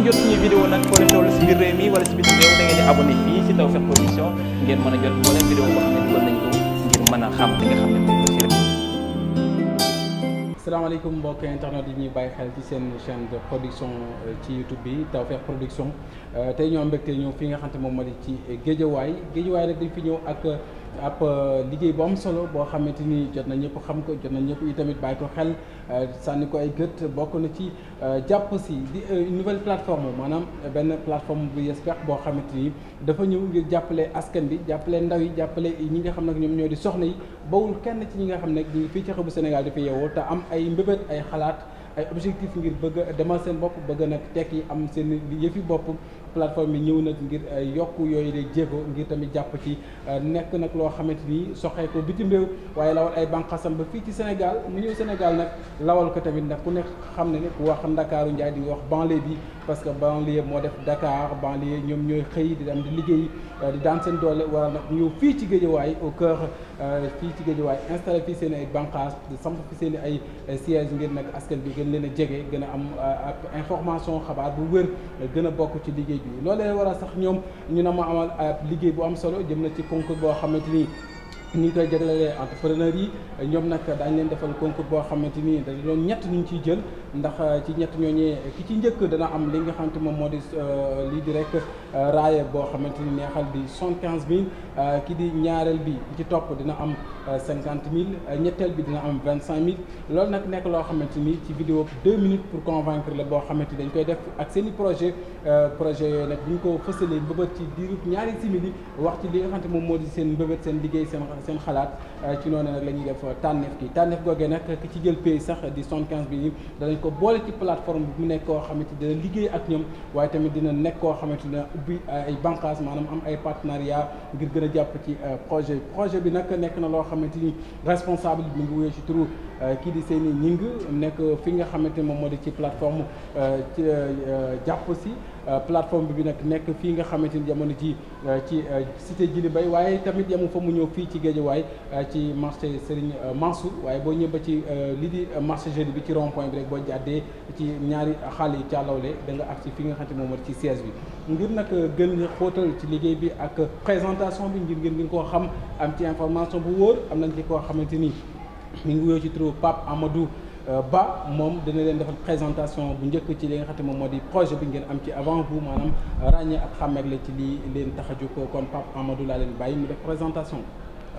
ngeen jot suñu vidéo nag foo leen toll si biir réew mi wala si bitim réew da ngeen di abonné fii si Tawfekh Production ngeen mën a jot moo leen vidéo boo xam ne dugal nañ ko ngir mën a xam li nga xam ne asalaamaaleykum mbokk internet yi ñuy bàyyi xel ci seen chaîne de production euh, ci YouTube bi Tawfekh Production euh, tey ñoo mbégte ñëw fi nga xam te moom moo di ci Géejawaay Géejawaay nag dañ fi ñëw ak ab euh, liggéey bu am solo boo xamante ni jot na ñëpp xam ko jot na ñëpp i tamit bàyyi ko xel euh, sànni ko ay gët bokk na ci euh, jàpp si di une nouvelle plateforme maanaam benn plateforme bu yespex boo xamante ni dafa ñëw ngir jàppale askan bi jàppale ndaw yi jàppale ñi nga xam nag ñoom ñoo di soxna yi bawul kenn ci ñi nga xam ne ñu ngi fii ci xëbu Sénégal fi yeewoo te am ay mbébét ay xalaat ay objectif ngir bëgg a demal seen bopp bëgg nag tekki am seen yëfi bopp plateforme yi ñëw nag ngir euh, yokk yooyu lay jéego ngir tamit jàpp ci euh, nekk nag loo xamante ni soxee ko bitim réew waaye lawal ay banqasam ba fii ci Sénégal mu ñëw Sénégal lawal ko tamit nag ku nekk xam ne ne ku Ndakaaru Njaay di nga wax banlieue bi parce que banlieue moo def Dakar banlieue ñoom ñooy xëy di dem di liggéey euh, di daan seen doole waral nag ñëw fii ci Géejawaay au cœur fii ci Géejawaay installé fii seen ay banqaas samp fi seen i ay siège ngir nag askan bi gën leen a jege gën a am information xabaar bu wér gën a bokk ci liggéey bi loolee war a sax ñoom ñu na ma amal ab liggéey bu am solo jëm na ci concours boo xamante ni ni ñu koy jaglelee entrepreneur yi ñoom nag daañu leen defal concours boo xamante ni dañ doon ñett ñu ciy jël ndax ci ñett ñooñee ki ci njëkk dana am li nga xamante moom moo di euh, lii di rek euh, boo xamante ni neexal bi soixante-quinze mille euh, ki di ñaareel bi ci topp dina am cinquante mille ñetteel bi dina am vingt-cinq mille loolu nag nekk loo xamante ni ci vidéo deux pour convaincre la boo xamante ni dañ koy def ak seen i projet projet yooyu nag bu ñu ko fësalee mbëbët ci diiru ñaari simili wax ci li nga xamante moom moo di seen mbëbët seen liggéey seen seen xalaat euh, ci noonu nag la ñuy def euh, tànneef gi tànneef googee nag ki ci jël pay sax di soixante-quinze bi nii danañ ko boole ci plateforme bi mu nekk koo xamante dina liggéey ak ñoom waaye tamit dina nekk koo xamante dina ubbi euh, ay banqaas maanaam am ay partenariat ngir gën a jàpp ci projet projet bi nag nekk na loo xamante ni responsable bi mu ngi wuyee ci turu kii di Seyni Ñing nekk fi nga xamante moom moo di ci plateforme ci jàpp si Euh, plateforme bi nag nekk fii nga xamante ni jamono euh, ci ci euh, cité Djily Mbaye waaye tamit yamu fa mu ñëw fii ci Guédiawaye ci marché Serigne Mansour waaye boo ñëw ba ci lii di marché jeudi bi ci rond point bi rek boo jàddee ci ñaari xaal yi càllawle da nga agsi fi nga xamante moom ci siège bi ngir nag gën xóotal ci liggéey bi ak présentation bi ngir ngeen ngeen koo xam am ci information bu wóor am nañ ci koo xamante ni mi ngi wuyoo ci turu Pape Amadou Euh, ba moom dina leen defal présentation bu njëkk ci li nga xam ne moom moo di projet bi ngeen am ci avant vous maanaam ràññee ak xàmmeek la ci lii leen tax a jóg euh, kon Pape leen bàyyi mu présentation bi.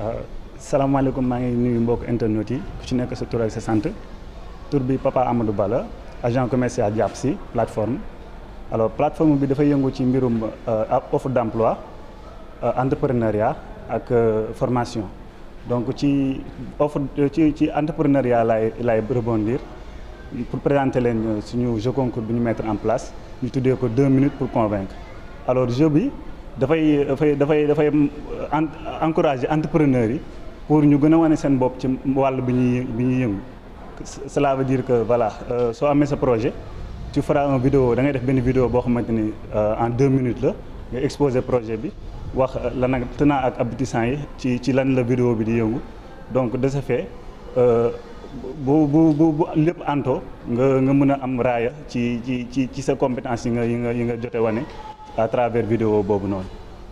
Euh, salaamaaleykum maa ngi nuyu mbokk internet yi ci nekk sa tur sa sant tur bi Papa Amadou bala agent commercial jàpp si plateforme alors plateforme bi dafa yëngu ci mbirum offre d'emploi entrepreneuriat ak formation. donc ci offre ci ci entrepreneuriat lay lay rebondir pour présenter leen euh, suñu jeu concours bi ñu mettre en place ñu tuddee ko deux minutes pour convaincre alors jeu bi dafay dafay dafay dafay euh, encourager entrepreneurs yi pour ñu gën a wane seen bopp ci wàll bi ñuy bi ñuy yëngu cela veut dire que voilà euh, soo amee sa projet ci feras un vidéo da ngay def benn vidéo boo xamante ni en deux minutes la nga exposer projet bi wax la nag tenant ak ab aboutissant yi ci ci lan la vidéo bi di yëngu donc de fait euh, bu bu bu bu lépp anto nga nga mën a am raaya ci ci ci ci sa compétence yi nga yi nga yi nga jote wane à travers vidéo boobu noonu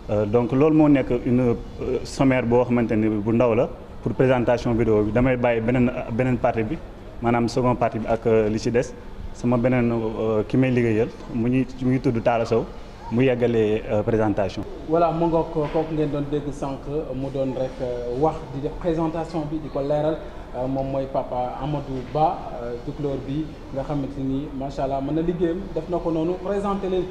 euh, donc loolu moo nekk une euh, sommaire boo xamante ni bu ndaw la pour présentation vidéo bi damay bàyyi beneen beneen partie bi maanaam second partie bi ak li ci des sama beneen ki may liggéeyal mu ñuy mu ngi tudd Talla Sow mu yeggalee euh, présentation. voilà mu ngoog kooku ngeen doon dégg sànq mu doon rek euh, wax di def présentation bi di ko leeral euh, moom mooy papa Amadou Ba tukulóor bi nga xamante ni macha allah mën na liggéeyam def na ko noonu présenté leen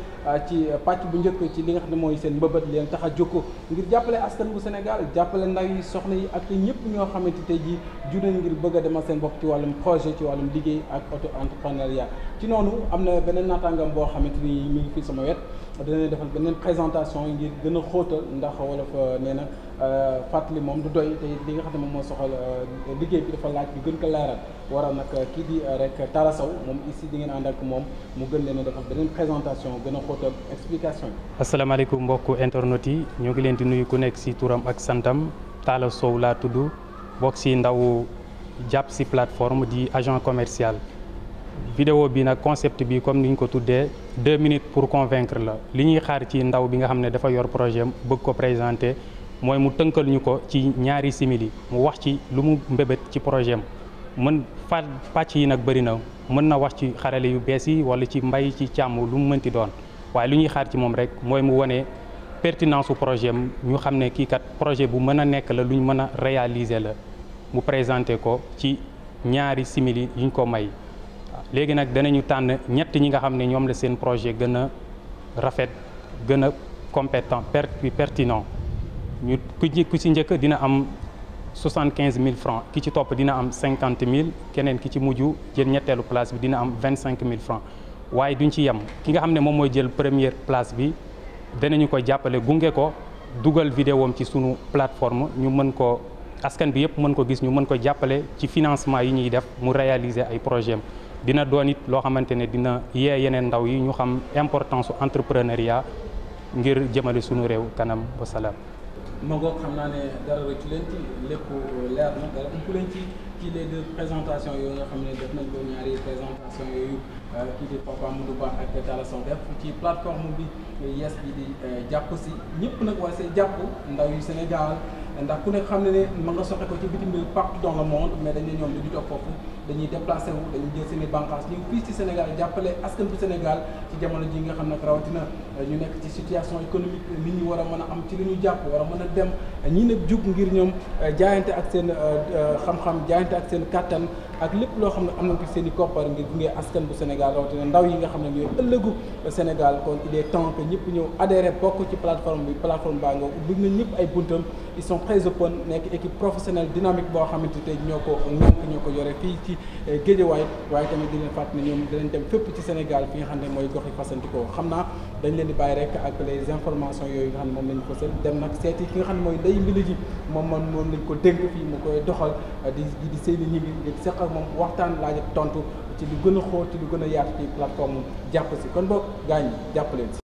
ci pàcc bu njëkk ci li nga xam ne mooy seen mbëbët leen tax a jóg ngir jàppale askan bu Sénégal jàppale ndaw yi soxna yi ak ñëpp ñoo xamante tey ji jur nañ ngir bëgg a demal seen bopp ci wàllum projet ci wàllum liggéey ak auto entrepreneuriat. ci noonu am na beneen nataangam boo xamante ni mi ngi fii sama wet defal beneen présentation ngir gën a xóotal ndax wolof euh, nee na euh, li moom du doy te li nga xam ne moom moo soxal euh, liggéey bi dafa laaj bi gën ko leeral waral nag kii di rek Talla Sow moom ici di ngeen ànd ak moom mu gën leen a defal beneen présentation gën a xóotal explication yi. asalaamaaleykum mbokk internautes yi ñoo ngi leen di nuyu ku nekk si turam ak santam Talla Sow laa tudd bokk si ndaw jàpp si plateforme di agent commercial. vidéo bi nag concept bi comme ni ñu ko tuddee deux minutes pour convaincre la li ñuy xaar ci ndaw bi nga xam ne dafa yor projet bëgg ko présenter mooy mu tënkal ñu ko ci ñaari simili mu wax ci lu mu mbébét ci projet am mën fa pàcc yi nag bëri na mën na wax ci xarale yu bees yi wala ci mbay ci càmm lu mu mënti doon waaye lu ñuy xaar ci moom rek mooy mu wane pertinence su projet am ñu xam ne kii kat projet bu mën a nekk la lu ñu mën a réaliser la mu présenter ko ci ñaari simili yuñ ko may. léegi nag danañu tànn ñett ñi nga xam ne ñoom la seen projet gën a rafet gën a compétent per pertinent ñu ku ci ku njëkk dina am soixante quinze mille francs ki ci topp dina am cinquante mille keneen ki ci mujj jël ñetteelu place bi dina am vingt cinq mille francs waaye duñ ci yem ki nga xam ne moom mooy jël première place bi danañu ko jàppale gunge ko dugal vidéom ci sunu plateforme ñu mën ko askan bi yëpp mën ko gis ñu mën ko jàppale ci financement yi ñuy def mu réaliser ay projet dina doon it loo xamante ne dina yee yeneen ndaw yi ñu xam importance su entrepreneuriat ngir jëmale sunu réew kanam wa salaam. ma xam naa ne dara rëccu ci leen ci ci les deux yooyu nga xam ne def nañ ko ñaari présentation yooyu euh, kii di Papa Amadou Ba ak Talla Sow ci plateforme bi yees bi di euh, jàpp si ñëpp nag waa see jàpp ndaw yu Sénégal. ndax ku ne xam ne ne ma nga soxe ko ci bitim réew partout dans le monde mais dañu ñoom dañu toog foofu dañuy déplacé wu dañuy jël seen i bànqaas jàppale askan bu Sénégal ci jamono ji nga xam ne rawatina euh, ñu nekk ci situation économique li ñu war a mën a am ci lañu jàpp war a mën a dem ñii ne jug ngir ñoom euh, jaayante ak seen euh, xam-xam jaayante ak seen kàttan ak lépp loo xam ne am na ko seeni i koppar ngir gunge askan bu Sénégal rawatina ndaw yi nga xam ne ñooy ëllëgu Sénégal kon il temps que ñëw adhéré bokk ci plateforme bi plateforme baa nga ñëpp ay buntam ils très open nekk équipe professionnelle dynamique boo xamante te ñoo ko ñoo ko ñoo ko yore fii ci eh, Géejawaay waaye tamit di leen fàttali ne dem fépp ci Sénégal fi nga xam ne mooy gox yi fasantikoo xam naa dañ leen di bàyyi rek ak les informations yooyu nga xam ne moom lañ ko seet dem nag seeti ki nga xam ne mooy lay mbili ji moom man moom lañ ko dénk fii mu koy doxal eh, di di Seydou ñi ngi di seq moom waxtaan laaj ak tontu ci lu gën a xóot ci lu gën a yaatu ci plateforme jàpp si kon boog gaañ jàpp leen si